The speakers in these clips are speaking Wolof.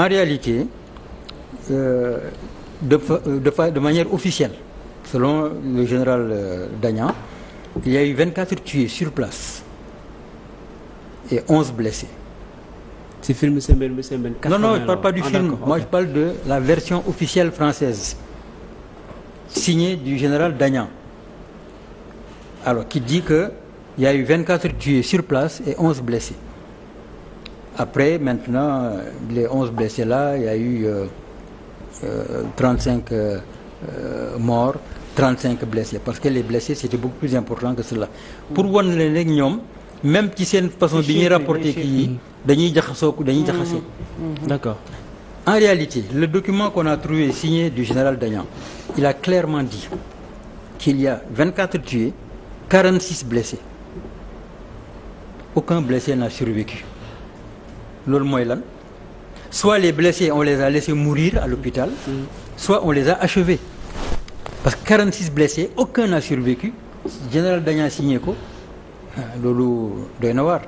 en réalité euh, de, euh, de, de, manière officielle, selon le général euh, Dagnan, il y a eu place et 11 blessés. C'est film Sembène, Sembène, Non, ah, de la version officielle française, signée du général Dagnan. Alors, qui dit qu'il y a eu 24 tués sur place et 11 blessés. Après, maintenant, les 11 blessés-là, il y a eu euh, 35 euh, euh, euh, morts, 35 blessés. que les blessés, c'était beaucoup plus important que cela. Pour voir les gens, même qui sont façon bien rapportée, qui dañuy jaxasoo dañuy mm. jaxase. Mm-hmm. D'accord. En réalité, le document qu'on a trouvé du général Dagnan, il a clairement dit qu'il y a 24 tués, 46 blessés. Aucun loolu mooy lan soit les blessés on les à l'hôpital mm. soit on les a achevés parce que 46 blessés aucun n'a survécu général dañaa signé ko ah, loolu doy na waar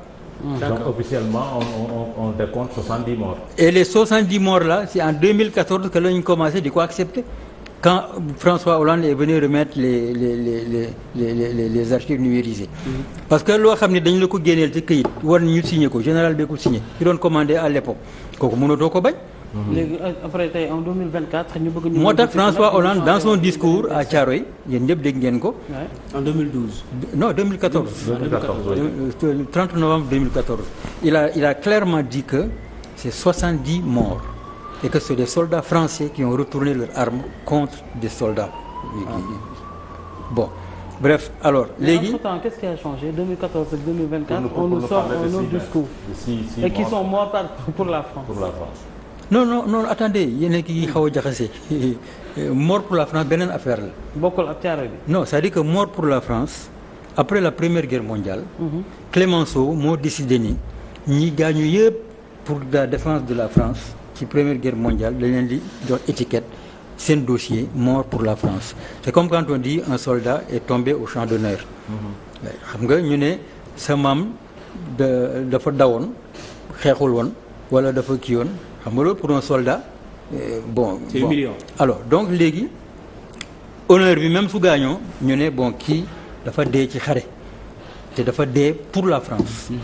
mm. donc que lañu commencé di quand François Hollande est venu remettre les les les les les les, les archives numérisées. Mm-hmm. parce que loo xam ne dañ la ko génneel ci këyit war ñu signé ko général bi ko signé ki doon commandé à l'époque kooku mënatoo ko bañ. Mm-hmm. léegi euh, après tey en 2024 moo tax François Hollande dans son discours à Thiaroye yéen ñëpp dégg ngeen ko. en 2012. non 2014. 2014 30 novembre 2014. il a il a clairement dit que c'est 70 morts. et que c'est des soldats français qui ont retourné leurs armes contre des soldats. Bon. Bref, alors léegi. quest on nous sort un autre discours. et qui sont morts pour la France. pour la non non attendez yéen a ngi xaw a mort pour la France beneen affaire la. bokkul ak caare bi. non c'est-à-dire que mort pour la France après la première guerre mondiale. Mhm. Clémenceau moo décidé ni ñi gaañu pour la défense de la France. ci première guerre mondiale dañ leen di jox étiquette seen dossier mort pour la France te comme quand on dit un soldat est tombé au champ d'honneur mhm. xam nga ñu ne sa maam dafa dawoon xeexul woon wala dafa kii woon xam nga loolu pour un soldat euh, bon c'est alors donc léegi honneur bi même su gaañoo ñu ne bon kii dafa dee ci xare te dafa dee pour la France mhm.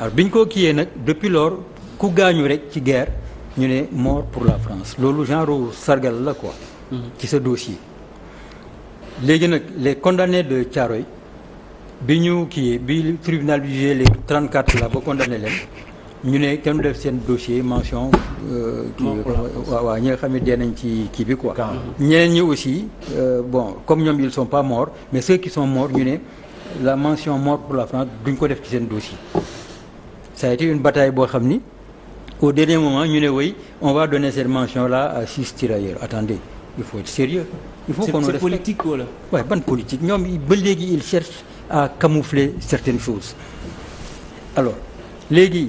alors bi ñu ko kiiyee nag depuis lors ku gaañu rek ci guerre ñu ne mort pour la France loolu genre sargal la ko mhm. ci sa dossier. léegi nag les condamnés de Thiaroye bi ñu kii bi tribunal bi jugé les 34 là ba condamné leen ñu ne kenn def seen dossier mention. Euh, kii waaw waaw ñi nga xam ne dee nañ ci kii bi quoi. ñeneen ñi aussi euh, bon comme ñoom ils sont pas morts mais ceux qui sont morts ñu ne la mention mort pour la France duñ ko def ci seen dossier. ça a une bataille boo xam ni. au dernier moment ñu ne oui on va donner cette mention là à six tirailleurs attendez il faut être sérieux il faut qu'on nous respecte politique wala waaye ban politique ñoom ba léegi ils cherchent à camoufler certaines choses alors léegi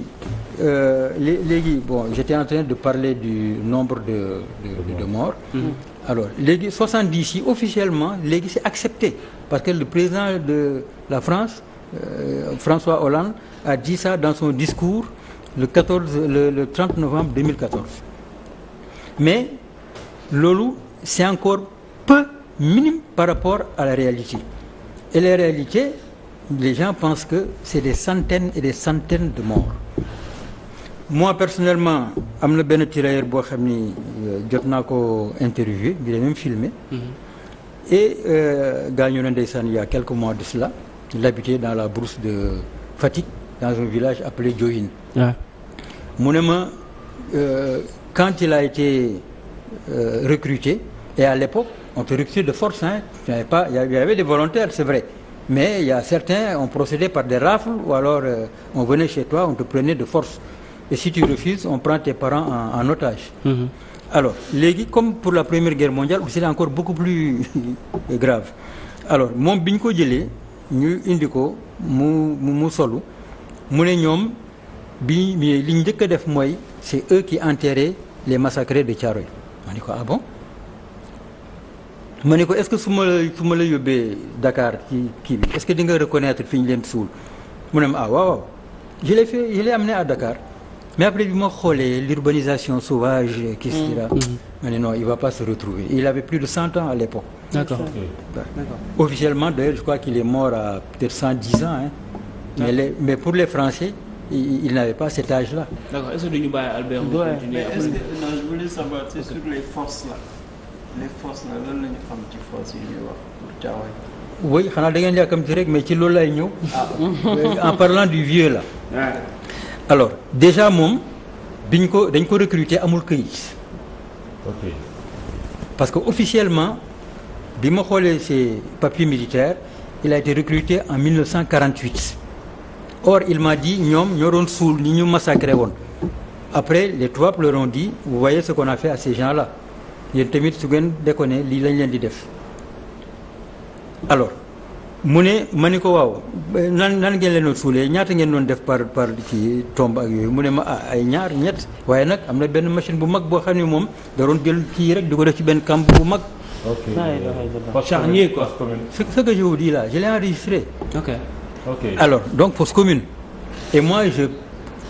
euh, léegi bon j'étais en train de du nombre de de, de, de morts mm -hmm. alors léegi 70 yi officiellement que le président de la France euh, François Hollande a dit ça dans le 14 le, le 30 novembre 2014 mais loolu c'est encore peu minime par rapport à la réalité et les réalités les gens pensent que c'est des centaines et des centaines de morts moi personnellement am na benn tirailleur boo xam ni euh, jot naa ko interviewé bi la même filmé mm-hmm. et euh, gaañu na ndeysaan il y quelques mois de cela il habitait dans la brousse de Fatick dans un village appelé Diohine mu ne ma euh, quand il a été euh, recruté et à l'époque on te recrute de force hein il y avait pas volontaires c'est vrai mais il y a certains on procédait par des rafles ou alors euh, on venait chez toi on te prenait de force et si tu refuses on prend tes parents en, en otage mm-hmm. alors léegi comme pour la première guerre mondiale c'était encore beaucoup plus grave alors moom bi ko jëlee ñu ko mu mu bi mais li ñu njëkk def mooy c'est eux qui enterraient les massacrés de Thiaroye ma ni ko ah bon ma ni ko est-ce que su ma la su ma la yóbbee Dakar ci kii bi est-ce que di nga reconnaître fi ñu leen suul mu ne ma ah waaw waaw je l'ai fait je l'ai amené à Dakar mais après bi ma xoolee l'urbanisation sauvage qui se dira mm. Mm. ma ne non il va pas se retrouver il avait plus de cent ans à l'époque d'accord officiellement d'ailleurs je crois qu'il est mort à peut-être dix ans mais pour les Français il, il n'avait pas cet âge-là. que duñu bàyyi Albert mu les forces là les forces là lan la ñu xam ci force yi ñuy wax xanaa da ngeen yàkkamti rek mais ci loolu lay ñëw. Ah. en parlant du vieux là. Ah. alors déjà moom biñ ko dañ ko recruter amul këyit. parce que officiellement bi ma xoolee ses papiers militaires il a été recruté en 1948. or il m'a ñoom ñoo doon suul ni ñu massacré woon après les tubaab leur ont dit vous voyez ce qu'on a fait à ces gens-là tamit su ngeen déconné lii lañ leen di def alors mu ne ma ni ko waaw nan nan ngeen leen suulee ñaata ngeen doon def par par ci tombe ak yooyu mu ne ma ah, ay ñaar ñett waaye nag am na benn machine bu mag boo xam ne moom da doon jël kii rek di ko def ci benn camp bu mag. ok ah, charnier quoi ce que je vous dis Okay. Alors, donc fausse commune. Et moi, je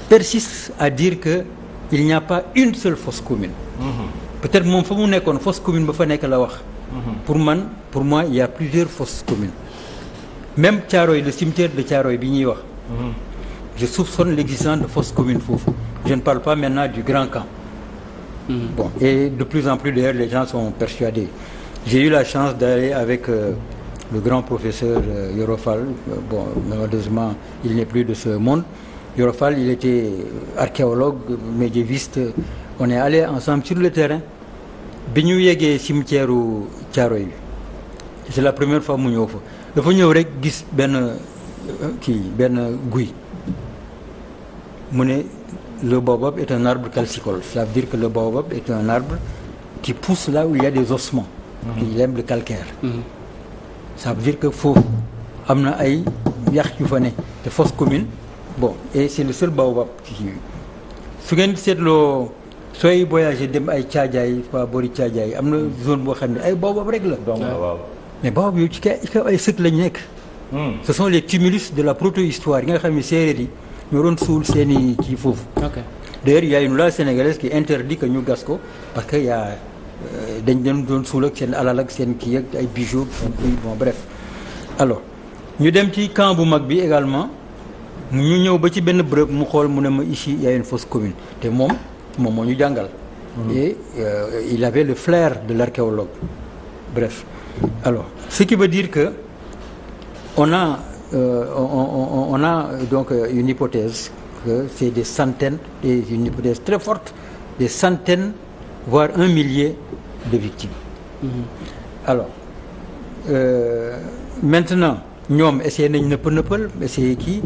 persiste à dire que il n'y a pas une seule fausse commune. Mhm. Peut-être moom fa mu nekkoon fausse commune ba fa nekk la wax. Mhm. Pour man, pour moi, il y a plusieurs fausses communes. Même Thiaroye, le cimetière de Thiaroye bi ñuy wax. Mhm. Je soupçonne l'existence de fausses commune foofu. Je ne parle pas maintenant du grand camp. et de plus en plus d'ailleurs les gens sont persuadés. J'ai eu la chance d'aller avec euh, le grand professeur euh, Yorofal, bon, malheureusement, il n'est plus de ce monde. Yorofal, il était euh, archéologue, médiéviste. On est allé ensemble sur le terrain. Bignou yegé cimetière ou Tiaroy. C'est la première fois mu ñëw fa. dafa ñëw rek gis benn euh, kii benn guy mu ne le baobab est un arbre calcicole ça veut dire que le baobab est un arbre qui pousse là où il y a des ossements. Mhm. qui aime le calcaire. Mhm. ça veut que foofu am na ay yax yu fa ne te fosse commune bon et c'est le seul baobab su ngeen seetloo sooy voyagé dem ay caajaay waa boori caajaay am na zone boo xam ne ay baobab rek la. mais baobab yooyu ci kaw ay sëkk lañu nekk. Hmm. ce sont les tumulus de la protohistoire yi nga xam ne séeréer yi ñoo doon suul seen i foofu. ok d'ailleurs y a une loi sénégalaise qui interdit que ñu gas ko parce que y dañ leen doon suul ak seen alal ak seen kii ak ay bijoux seen kii bon bref alors ñu dem ci camp bu mag bi également ñu ñëw ba ci benn bërëb mu xool mu ne ma ici y a une fosse commune te moom moom moo ñu jàngal hmm. et euh, il avait le flair de l'archéologue bref alors ce qui veut dire que on a euh, on, a donc euh, une hypothèse que c'est des centaines des une hypothèse très forte des centaines voire un millier de victimes. Mm alors euh, maintenant ñoom essayé nañ nëpp nëppal essayé kii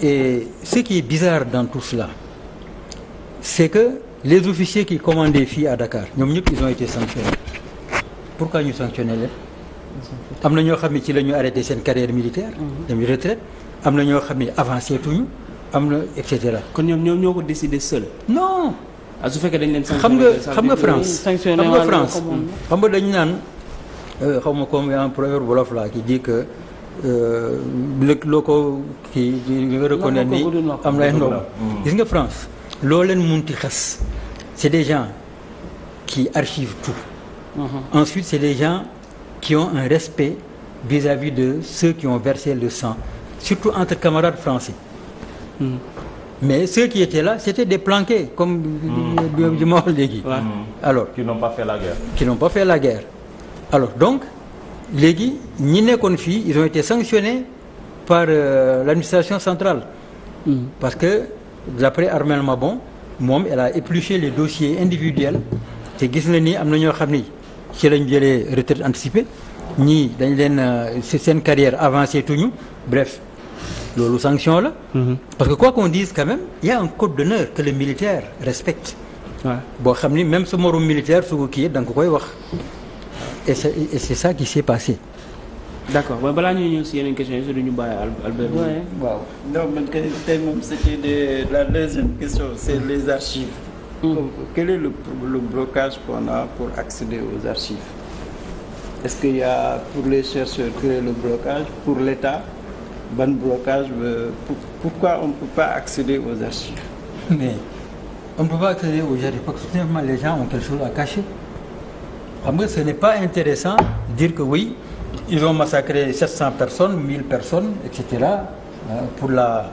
et ce qui est bizarre dans tout cela c'est que les officiers qui commandaient fii à Dakar ñoom ñëpp ils ont été sanctionnés pourquoi ñu sanctionné leen. am na ñoo xam ne ci la ñu arrêté seen carrière militaire. Mhm. am na ñoo xam ne avancé tuñu am na et cetera. kon ñoom ñoo ko décidé seul. non. ah su fekkee dañ leen xam nga xam nga France xam nga France xam nga dañ naan euh, xaw ma comme un proverbe wolof laa ki di que euh, lëg loo ko kii di nga reconnaître ni am lay ndox gis nga France loo leen munti xas c'est des gens qui archivent tout mhm. ensuite c'est des gens qui ont un respect vis-à-vis de ceux qui ont versé le sang surtout entre camarades français mhm. mais ceux qui étaient là c'était des planqués comme bi hmm. ma léegi hmm. alors qui n'ont pas fait la guerre qui n'ont alors donc léegi ñi nekkoon fii ils ont été sanctionnés par euh, l'administration centrale hmm. parce que d'après Armel Mabon moom elle a épluché les dossiers individuels te gis na ni am na ñoo xam ni ci lañ jëlee retraite anticipée ñii dañ leen euh, seen carrière avancée tuñu bref loolu sanction la. Mhm. parce que quoi qu'on dise quand même il y a code d'honneur que le militaire respecte. waaw boo xam ni même su morom militaire su ko kii ko koy wax. et c'est et c'est qui s'est passé. d'accord waaye balaa ñuy ñëw si yeneen questions yi si la deuxième question c'est les mm. le, blocage qu'on a pour accéder aux archives? Est-ce qu'il y a pour les chercheurs quel est le pour l'État? ban blocage euh, pour, pourquoi on ne peut pas accéder aux archives mais on ne peut pas accéder aux archives parce que xam nga ce n'est pas intéressant de dire que oui ils ont massacré 700 personnes 1000 personnes et euh, pour la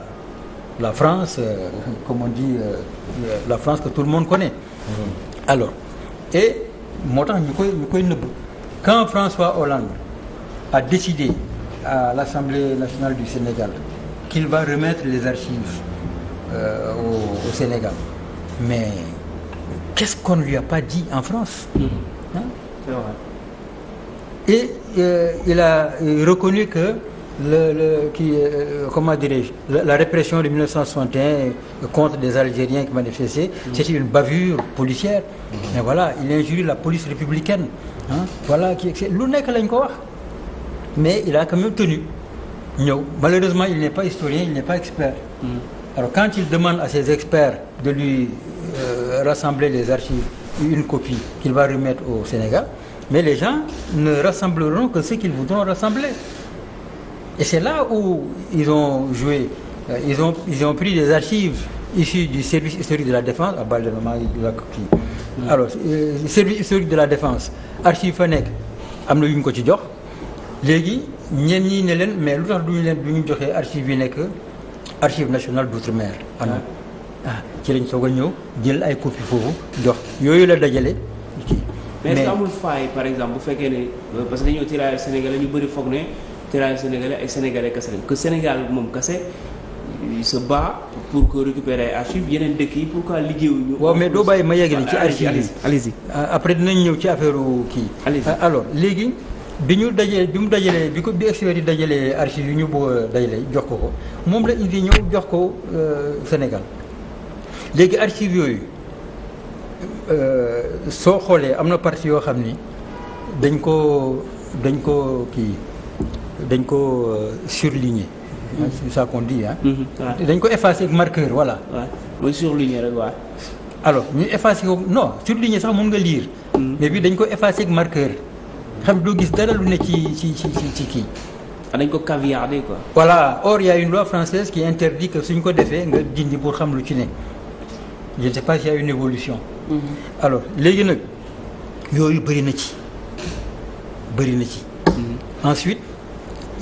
la France euh, comme euh, que tout le monde connaît mmh. tax ñu koy ñu koy nëbb quand François Hollande a décidé à l'Assemblée nationale du Sénégal qu'il va remettre les archives euh, au, au, Sénégal. Mais qu'est-ce qu'on ne lui a pas dit en France hein? Mm-hmm. vrai. Et euh, il a reconnu que le, le qui, euh, comment dirais-je, la, la, répression de 1961 contre des Algériens qui manifestaient, mmh. c'était une bavure policière. Mmh. Et voilà, il injurie la police républicaine. Hein? Voilà, qui, lu nekk lañ ko wax. mais il a quand même tenu ñëw malheureusement il n'est pas historien il n'est pas expert mm. alors quand il demande à ses experts de lui euh, rassembler les archives une copie qu'il va remettre au Sénégal mais les gens ne rassembleront que ce qu'ils voudront rassembler et c'est là où ils ont joué euh, ils ont ils ont pris des archives issues du service historique de la défense à bal de la copie alors euh, service historique de la défense archive FENEC am na yu ñu ko ci jox léegi ñenn ñi ne leen mais lu tax du leen du ñu joxee archive yi nekk archive national d'outre-mer ana ah. Ah, ci lañ soog a ñëw jël ay copie foofu jox yooyu la dajale kii mais su amul faay par exemple bu fekkee ne euh, parce que dañoo tirailleur sénégalais ñu bëri foog ne tirailleur sénégalais ay sénégalais kese lañ que Sénégal moom kese se bat pour que récupérer ay archives yeneen dëkk yi pourquoi liggéeyuñu. waaw mais doo bàyyi ma yeggali ci archives yi allez-y ah, après dinañ ñëw ci affaire kii. alors léegi. bi ñu dajalee bi mu dajalee bi ko bi experts yi dajalee archives yu ñu bëgg a dajale jox ko ko moom la indi ñëw jox ko euh, Sénégal léegi archives yooyu euh, soo xoolee am na partie yoo xam ni dañ ko dañ ko kii dañ ko euh, surligner. Hmm. c'est ça qu'on dit hmm. dañ ko effacer ak marqueur voilà. waaw mooy surligner rek waaw. alors ñu effacer ko non surligner sax mën nga liir hmm. mais bi dañ ko effacer ak marqueur. xam doo gis dara lu ne ci ci ci ci kii. dañ ko caviardé quoi. voilà or y a une loi française qui interdit que suñ ko defee nga dindi pour xam lu ci ne je ne sais pas une évolution. Mm-hmm. alors léegi nag yooyu bëri na ci bëri na ci. Mm-hmm. ensuite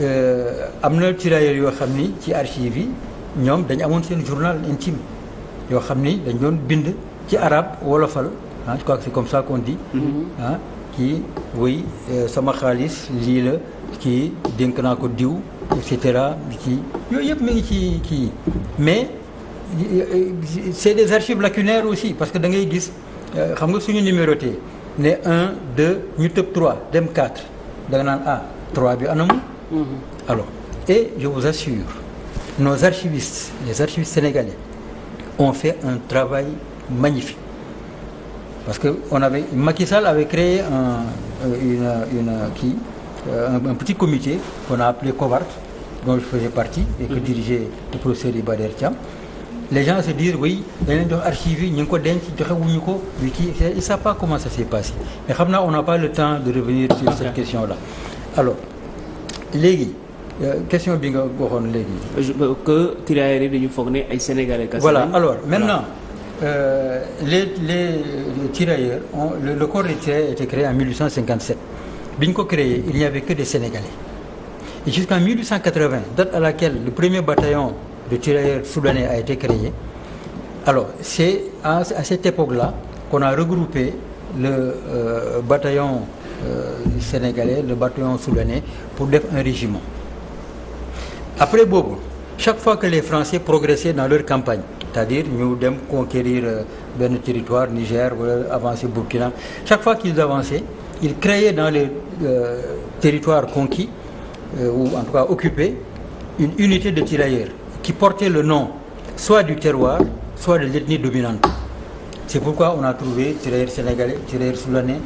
euh, am na tirailleurs yoo xam ni ci archives yi ñoom dañ amoon seen journal intime yoo xam ni dañ doon bind ci arabe wolofal ah je comme ça qu'on kii oui euh, sama xaalis lii la kii dénk naa ko diw et cetera kii yooyu yëpp mi ngi ci kii mais euh, c'est des archives lacunaires aussi parce que dangay gis euh, xam nga suñu numéroté ne un de ñu tëb trois dem quatre da naan ah trois bi anamu mhm. alors et je vous assure nos archivistes les archivistes sénégalais ont fait un travail magnifique Parce que on avait, Macky Sall avait créé un, euh, une, euh, une, euh, qui, un, un, petit comité qu'on a appelé COVART, dont je faisais partie et que mhm. dirigeait le professeur Ibader Thiam. Les gens se disent, ko ils ont archivé, ils ont ils ne savent pas comment ça s'est passé. Mais on n'a pas le temps de revenir sur okay. cette question-là. Alors, les question bi nga waxoon léegi. que tirailleurs yi dañu foog ne ay sénégalais. voilà alors maintenant. euh, les les tirailleurs ont, le, le corps des tirailleurs a été créé en 1857 bi ñu ko créé il n'y avait que des Sénégalais et jusqu'en 1880 date à laquelle le premier bataillon de tirailleurs soudanais a été créé alors c'est à, à cette époque-là qu'on a regroupé le euh, bataillon euh, sénégalais le bataillon soudanais pour def un régiment après boobu chaque fois que les Français progressaient dans leur campagne c'est-à-dire ñu dem conquérir euh, benn territoire Niger wala avancer Burkina chaque fois qu'ils avançaient ils créaient dans les euh, territoires conquis euh, ou en tout cas occupés une unité de tirailleurs qui portait le nom soit du terroir soit de l'ethnie dominante c'est pourquoi on a trouvé tirailleurs sénégalais tirailleurs soudanais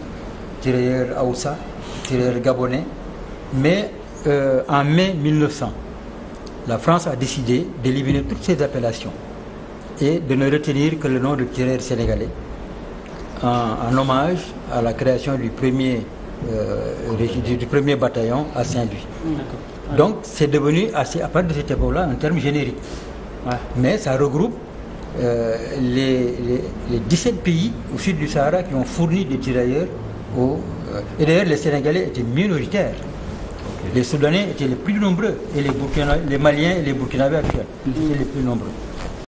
tirailleurs haoussa tirailleurs gabonais mais euh, en mai 1900 la France a décidé d'éliminer toutes ces appellations et de ne retenir que le nom de tireur sénégalais en, hommage à la création du premier, euh, du, du premier bataillon à Saint-Louis. Mm, Donc c'est devenu, assez, à partir de cette époque-là, un terme générique. Mais ça regroupe euh, les, les, les, 17 pays au sud du Sahara qui ont fourni des tirailleurs aux... Euh, et d'ailleurs, les Sénégalais étaient minoritaires. Les Soudanais étaient les plus nombreux et les, Maliens et les Burkinabés actuels mm-hmm. étaient les plus nombreux.